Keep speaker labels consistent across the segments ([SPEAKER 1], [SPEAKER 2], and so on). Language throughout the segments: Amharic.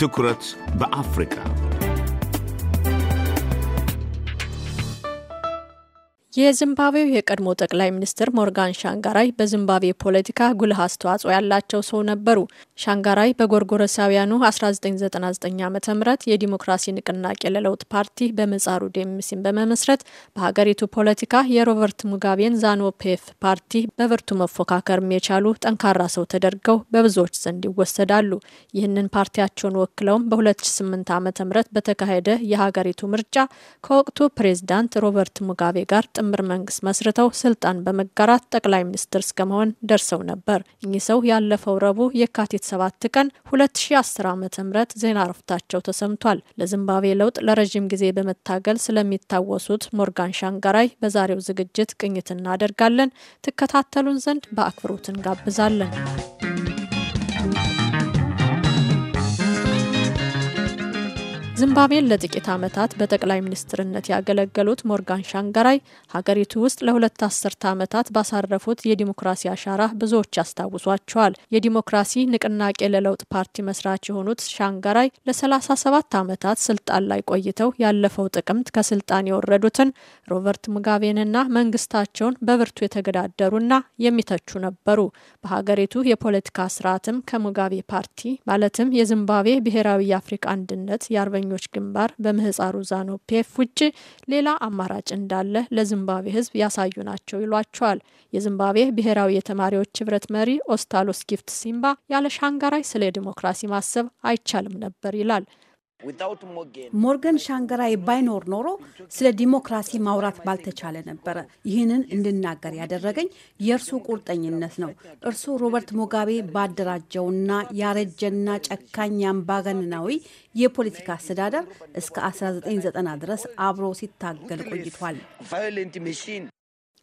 [SPEAKER 1] ትኩረት በአፍሪካ
[SPEAKER 2] የዚምባብዌው የቀድሞ ጠቅላይ ሚኒስትር ሞርጋን ሻንጋራይ በዚምባብዌ ፖለቲካ ጉልህ አስተዋጽኦ ያላቸው ሰው ነበሩ። ሻንጋራይ በጎርጎረሳውያኑ 1999 ዓ ም የዲሞክራሲ ንቅናቄ ለለውጥ ፓርቲ በምጻሩ ዴምሲን በመመስረት በሀገሪቱ ፖለቲካ የሮበርት ሙጋቤን ዛኖ ፔፍ ፓርቲ በብርቱ መፎካከርም የቻሉ ጠንካራ ሰው ተደርገው በብዙዎች ዘንድ ይወሰዳሉ። ይህንን ፓርቲያቸውን ወክለውም በ2008 ዓ ም በተካሄደ የሀገሪቱ ምርጫ ከወቅቱ ፕሬዝዳንት ሮበርት ሙጋቤ ጋር ጥምር መንግስት መስርተው ስልጣን በመጋራት ጠቅላይ ሚኒስትር እስከመሆን ደርሰው ነበር። እኚህ ሰው ያለፈው ረቡዕ የካቲት 7 ቀን 2010 ዓ ም ዜና ረፍታቸው ተሰምቷል። ለዚምባብዌ ለውጥ ለረዥም ጊዜ በመታገል ስለሚታወሱት ሞርጋን ሻንጋራይ በዛሬው ዝግጅት ቅኝት እናደርጋለን። ትከታተሉን ዘንድ በአክብሮት እንጋብዛለን። ዚምባብዌን ለጥቂት ዓመታት በጠቅላይ ሚኒስትርነት ያገለገሉት ሞርጋን ሻንጋራይ ሀገሪቱ ውስጥ ለሁለት አስርተ ዓመታት ባሳረፉት የዲሞክራሲ አሻራ ብዙዎች ያስታውሷቸዋል። የዲሞክራሲ ንቅናቄ ለለውጥ ፓርቲ መስራች የሆኑት ሻንጋራይ ለ37 ዓመታት ስልጣን ላይ ቆይተው ያለፈው ጥቅምት ከስልጣን የወረዱትን ሮበርት ሙጋቤንና መንግስታቸውን በብርቱ የተገዳደሩና የሚተቹ ነበሩ። በሀገሪቱ የፖለቲካ ስርዓትም ከሙጋቤ ፓርቲ ማለትም የዚምባብዌ ብሔራዊ የአፍሪካ አንድነት የአርበ የስደተኞች ግንባር በምህፃሩ ዛኖ ፒኤፍ ውጭ ሌላ አማራጭ እንዳለ ለዚምባብዌ ህዝብ ያሳዩ ናቸው ይሏቸዋል። የዚምባብዌ ብሔራዊ የተማሪዎች ህብረት መሪ ኦስታሎስ ጊፍት ሲምባ ያለ ሻንጋራይ ስለ ዲሞክራሲ ማሰብ አይቻልም ነበር ይላል።
[SPEAKER 1] ሞርገን ሻንገራይ ባይኖር ኖሮ ስለ ዲሞክራሲ ማውራት ባልተቻለ ነበረ። ይህንን እንድናገር ያደረገኝ የእርሱ ቁርጠኝነት ነው። እርሱ ሮበርት ሙጋቤ ባደራጀውና ያረጀና ጨካኝ አምባገነናዊ የፖለቲካ አስተዳደር እስከ 1990 ድረስ አብሮ ሲታገል ቆይቷል።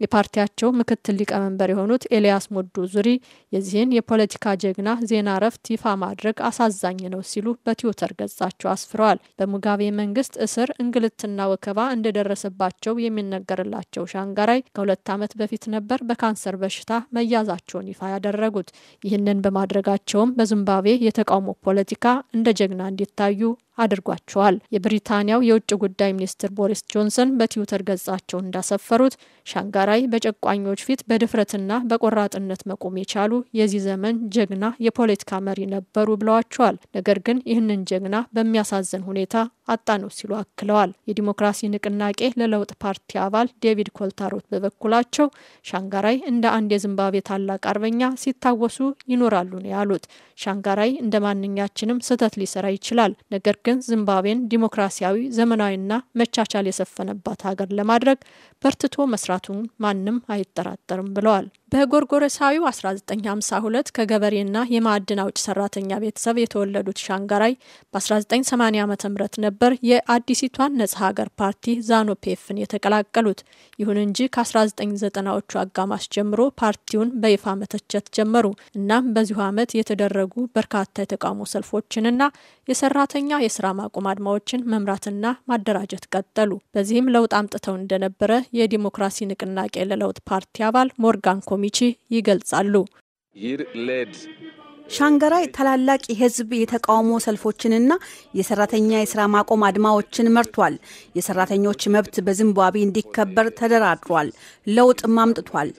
[SPEAKER 2] የፓርቲያቸው ምክትል ሊቀመንበር የሆኑት ኤልያስ ሞዶ ዙሪ የዚህን የፖለቲካ ጀግና ዜና እረፍት ይፋ ማድረግ አሳዛኝ ነው ሲሉ በትዊተር ገጻቸው አስፍረዋል። በሙጋቤ መንግስት እስር፣ እንግልትና ወከባ እንደደረሰባቸው የሚነገርላቸው ሻንጋራይ ከሁለት ዓመት በፊት ነበር በካንሰር በሽታ መያዛቸውን ይፋ ያደረጉት። ይህንን በማድረጋቸውም በዚምባብዌ የተቃውሞ ፖለቲካ እንደ ጀግና እንዲታዩ አድርጓቸዋል። የብሪታንያው የውጭ ጉዳይ ሚኒስትር ቦሪስ ጆንሰን በትዊተር ገጻቸው እንዳሰፈሩት ሻንጋ በጋራይ በጨቋኞች ፊት በድፍረትና በቆራጥነት መቆም የቻሉ የዚህ ዘመን ጀግና የፖለቲካ መሪ ነበሩ ብለዋቸዋል። ነገር ግን ይህንን ጀግና በሚያሳዝን ሁኔታ አጣነው ሲሉ አክለዋል። የዲሞክራሲ ንቅናቄ ለለውጥ ፓርቲ አባል ዴቪድ ኮልታሮት በበኩላቸው ሻንጋራይ እንደ አንድ የዚምባብዌ ታላቅ አርበኛ ሲታወሱ ይኖራሉ ነው ያሉት። ሻንጋራይ እንደ ማንኛችንም ስህተት ሊሰራ ይችላል። ነገር ግን ዚምባብዌን ዲሞክራሲያዊ፣ ዘመናዊና መቻቻል የሰፈነባት ሀገር ለማድረግ በርትቶ መስራቱን ማንም አይጠራጠርም ብለዋል። በጎርጎረሳዊው 1952 ከገበሬና የማዕድን አውጭ ሰራተኛ ቤተሰብ የተወለዱት ሻንጋራይ በ1980 ዓ ም ነበር የአዲሲቷን ነጻ ሀገር ፓርቲ ዛኖፔፍን የተቀላቀሉት። ይሁን እንጂ ከ1990ዎቹ አጋማሽ ጀምሮ ፓርቲውን በይፋ መተቸት ጀመሩ። እናም በዚሁ ዓመት የተደረጉ በርካታ የተቃውሞ ሰልፎችንና የሰራተኛ የስራ ማቆም አድማዎችን መምራትና ማደራጀት ቀጠሉ። በዚህም ለውጥ አምጥተው እንደነበረ የዲሞክራሲ ንቅና የንቅናቄ ለለውጥ ፓርቲ አባል ሞርጋን ኮሚቺ ይገልጻሉ።
[SPEAKER 1] ሻንገራይ ታላላቅ የህዝብ የተቃውሞ ሰልፎችንና የሰራተኛ የስራ ማቆም አድማዎችን መርቷል። የሰራተኞች መብት በዚምባብዌ እንዲከበር ተደራድሯል፣ ለውጥም አምጥቷል።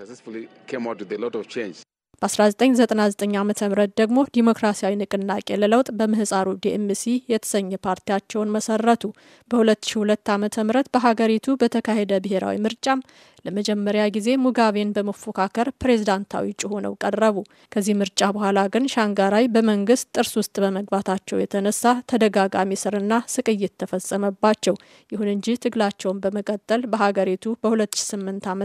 [SPEAKER 2] በ1999 ዓ ም ደግሞ ዲሞክራሲያዊ ንቅናቄ ለለውጥ በምህፃሩ ዲኤምሲ የተሰኘ ፓርቲያቸውን መሰረቱ። በ2002 ዓ ም በሀገሪቱ በተካሄደ ብሔራዊ ምርጫም ለመጀመሪያ ጊዜ ሙጋቤን በመፎካከር ፕሬዝዳንታዊ እጩ ሆነው ቀረቡ። ከዚህ ምርጫ በኋላ ግን ሻንጋራይ በመንግስት ጥርስ ውስጥ በመግባታቸው የተነሳ ተደጋጋሚ ስርና ስቅይት ተፈጸመባቸው። ይሁን እንጂ ትግላቸውን በመቀጠል በሀገሪቱ በ2008 ዓ ም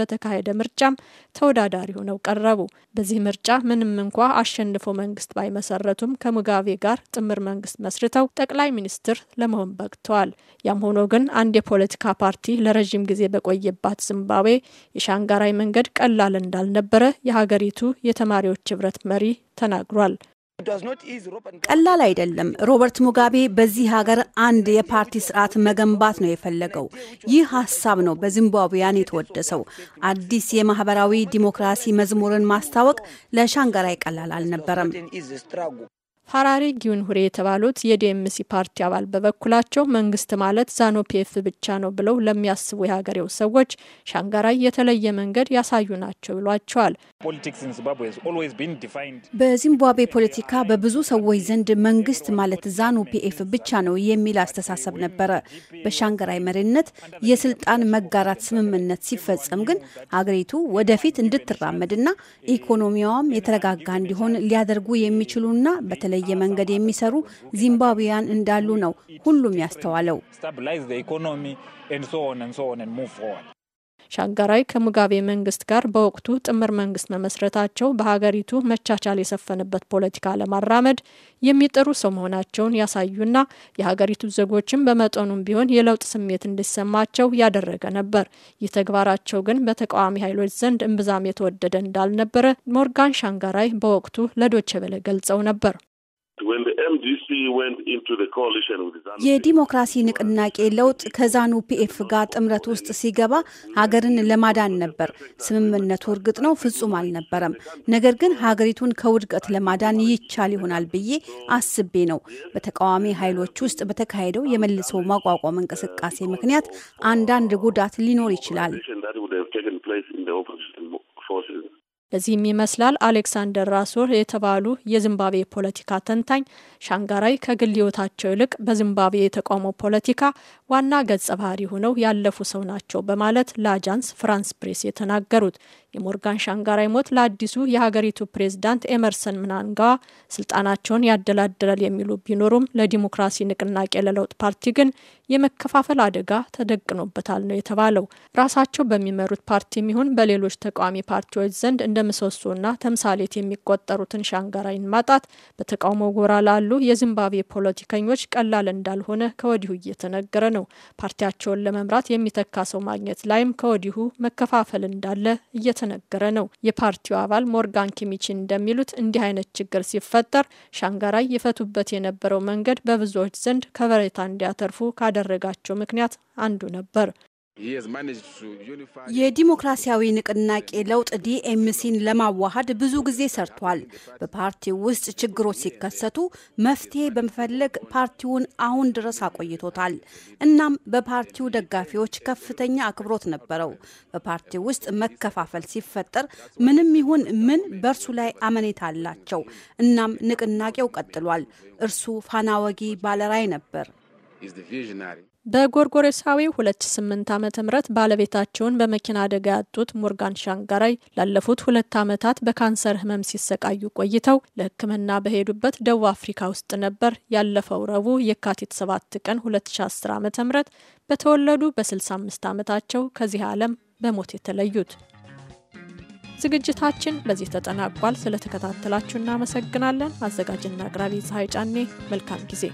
[SPEAKER 2] በተካሄደ ምርጫም ተወዳዳሪ ሆነው ቀረቡ። በዚህ ምርጫ ምንም እንኳ አሸንፎ መንግስት ባይመሰረቱም ከሙጋቤ ጋር ጥምር መንግስት መስርተው ጠቅላይ ሚኒስትር ለመሆን በቅተዋል። ያም ሆኖ ግን አንድ የፖለቲካ ፓርቲ ለረዥም ጊዜ በቆየባት ዚምባብዌ የሻንጋራይ መንገድ ቀላል እንዳልነበረ የሀገሪቱ የተማሪዎች ህብረት መሪ ተናግሯል። ቀላል አይደለም። ሮበርት ሙጋቤ በዚህ ሀገር አንድ
[SPEAKER 1] የፓርቲ ስርዓት መገንባት ነው የፈለገው። ይህ ሀሳብ ነው በዚምባብያን የተወደሰው። አዲስ የማህበራዊ ዲሞክራሲ መዝሙርን ማስታወቅ ለሻንጋራይ ቀላል አልነበረም።
[SPEAKER 2] ሀራሪ ጊዩንሁሬ የተባሉት የዲኤምሲ ፓርቲ አባል በበኩላቸው መንግስት ማለት ዛኖ ፒኤፍ ብቻ ነው ብለው ለሚያስቡ የሀገሬው ሰዎች ሻንጋራይ የተለየ መንገድ ያሳዩ ናቸው ይሏቸዋል።
[SPEAKER 1] በዚምባብዌ ፖለቲካ በብዙ ሰዎች ዘንድ መንግስት ማለት ዛኑ ፒኤፍ ብቻ ነው የሚል አስተሳሰብ ነበረ። በሻንገራይ መሪነት የስልጣን መጋራት ስምምነት ሲፈጸም ግን ሀገሪቱ ወደፊት እንድትራመድና ኢኮኖሚዋም የተረጋጋ እንዲሆን ሊያደርጉ የሚችሉና በተለይ በየመንገድ የሚሰሩ ዚምባብዌያን እንዳሉ ነው ሁሉም ያስተዋለው።
[SPEAKER 2] ሻንጋራይ ከሙጋቤ መንግስት ጋር በወቅቱ ጥምር መንግስት መመስረታቸው በሀገሪቱ መቻቻል የሰፈነበት ፖለቲካ ለማራመድ የሚጥሩ ሰው መሆናቸውን ያሳዩና የሀገሪቱ ዜጎችም በመጠኑም ቢሆን የለውጥ ስሜት እንዲሰማቸው ያደረገ ነበር። ይህ ተግባራቸው ግን በተቃዋሚ ኃይሎች ዘንድ እምብዛም የተወደደ እንዳልነበረ ሞርጋን ሻንጋራይ በወቅቱ ለዶቸበለ ገልጸው ነበር።
[SPEAKER 1] የዲሞክራሲ ንቅናቄ ለውጥ ከዛኑ ፒኤፍ ጋር ጥምረት ውስጥ ሲገባ ሀገርን ለማዳን ነበር። ስምምነቱ እርግጥ ነው ፍጹም አልነበረም። ነገር ግን ሀገሪቱን ከውድቀት ለማዳን ይቻል ይሆናል ብዬ አስቤ ነው። በተቃዋሚ ኃይሎች ውስጥ በተካሄደው የመልሶ ማቋቋም እንቅስቃሴ ምክንያት አንዳንድ ጉዳት ሊኖር ይችላል።
[SPEAKER 2] ለዚህም ይመስላል አሌክሳንደር ራሶር የተባሉ የዚምባብዌ ፖለቲካ ተንታኝ ሻንጋራይ ከግል ሕይወታቸው ይልቅ በዚምባብዌ የተቃውሞ ፖለቲካ ዋና ገጸ ባህሪ ሆነው ያለፉ ሰው ናቸው በማለት ለአጃንስ ፍራንስ ፕሬስ የተናገሩት። የሞርጋን ሻንጋራይ ሞት ለአዲሱ የሀገሪቱ ፕሬዝዳንት ኤመርሰን ምናንጋዋ ስልጣናቸውን ያደላድላል የሚሉ ቢኖሩም ለዲሞክራሲ ንቅናቄ ለለውጥ ፓርቲ ግን የመከፋፈል አደጋ ተደቅኖበታል ነው የተባለው። ራሳቸው በሚመሩት ፓርቲ የሚሆን በሌሎች ተቃዋሚ ፓርቲዎች ዘንድ እንደ ምሰሶና ተምሳሌት የሚቆጠሩትን ሻንጋራይን ማጣት በተቃውሞ ጎራ ላሉ የዚምባብዌ ፖለቲከኞች ቀላል እንዳልሆነ ከወዲሁ እየተነገረ ነው። ፓርቲያቸውን ለመምራት የሚተካ ሰው ማግኘት ላይም ከወዲሁ መከፋፈል እንዳለ እየተነገረ ነው። የፓርቲው አባል ሞርጋን ኪሚቺ እንደሚሉት እንዲህ አይነት ችግር ሲፈጠር ሻንጋራይ ይፈቱበት የነበረው መንገድ በብዙዎች ዘንድ ከበሬታ እንዲያተርፉ ካደረጋቸው ምክንያት አንዱ ነበር።
[SPEAKER 1] የዲሞክራሲያዊ ንቅናቄ ለውጥ ዲኤምሲን ለማዋሃድ ብዙ ጊዜ ሰርቷል። በፓርቲው ውስጥ ችግሮች ሲከሰቱ መፍትሄ በመፈለግ ፓርቲውን አሁን ድረስ አቆይቶታል። እናም በፓርቲው ደጋፊዎች ከፍተኛ አክብሮት ነበረው። በፓርቲው ውስጥ መከፋፈል ሲፈጠር ምንም ይሁን ምን በእርሱ ላይ አመኔታ አላቸው።
[SPEAKER 2] እናም ንቅናቄው ቀጥሏል። እርሱ ፋና ወጊ ነበር። በጎርጎሬሳዊ 2008 ዓ.ም ባለቤታቸውን በመኪና አደጋ ያጡት ሞርጋን ሻንጋራይ ላለፉት ሁለት ዓመታት በካንሰር ህመም ሲሰቃዩ ቆይተው ለሕክምና በሄዱበት ደቡብ አፍሪካ ውስጥ ነበር ያለፈው ረቡዕ የካቲት 7 ቀን 2010 ዓ.ም በተወለዱ በ65 ዓመታቸው ከዚህ ዓለም በሞት የተለዩት። ዝግጅታችን በዚህ ተጠናቋል። ስለተከታተላችሁ እናመሰግናለን። አዘጋጅና አቅራቢ ፀሐይ ጫኔ። መልካም ጊዜ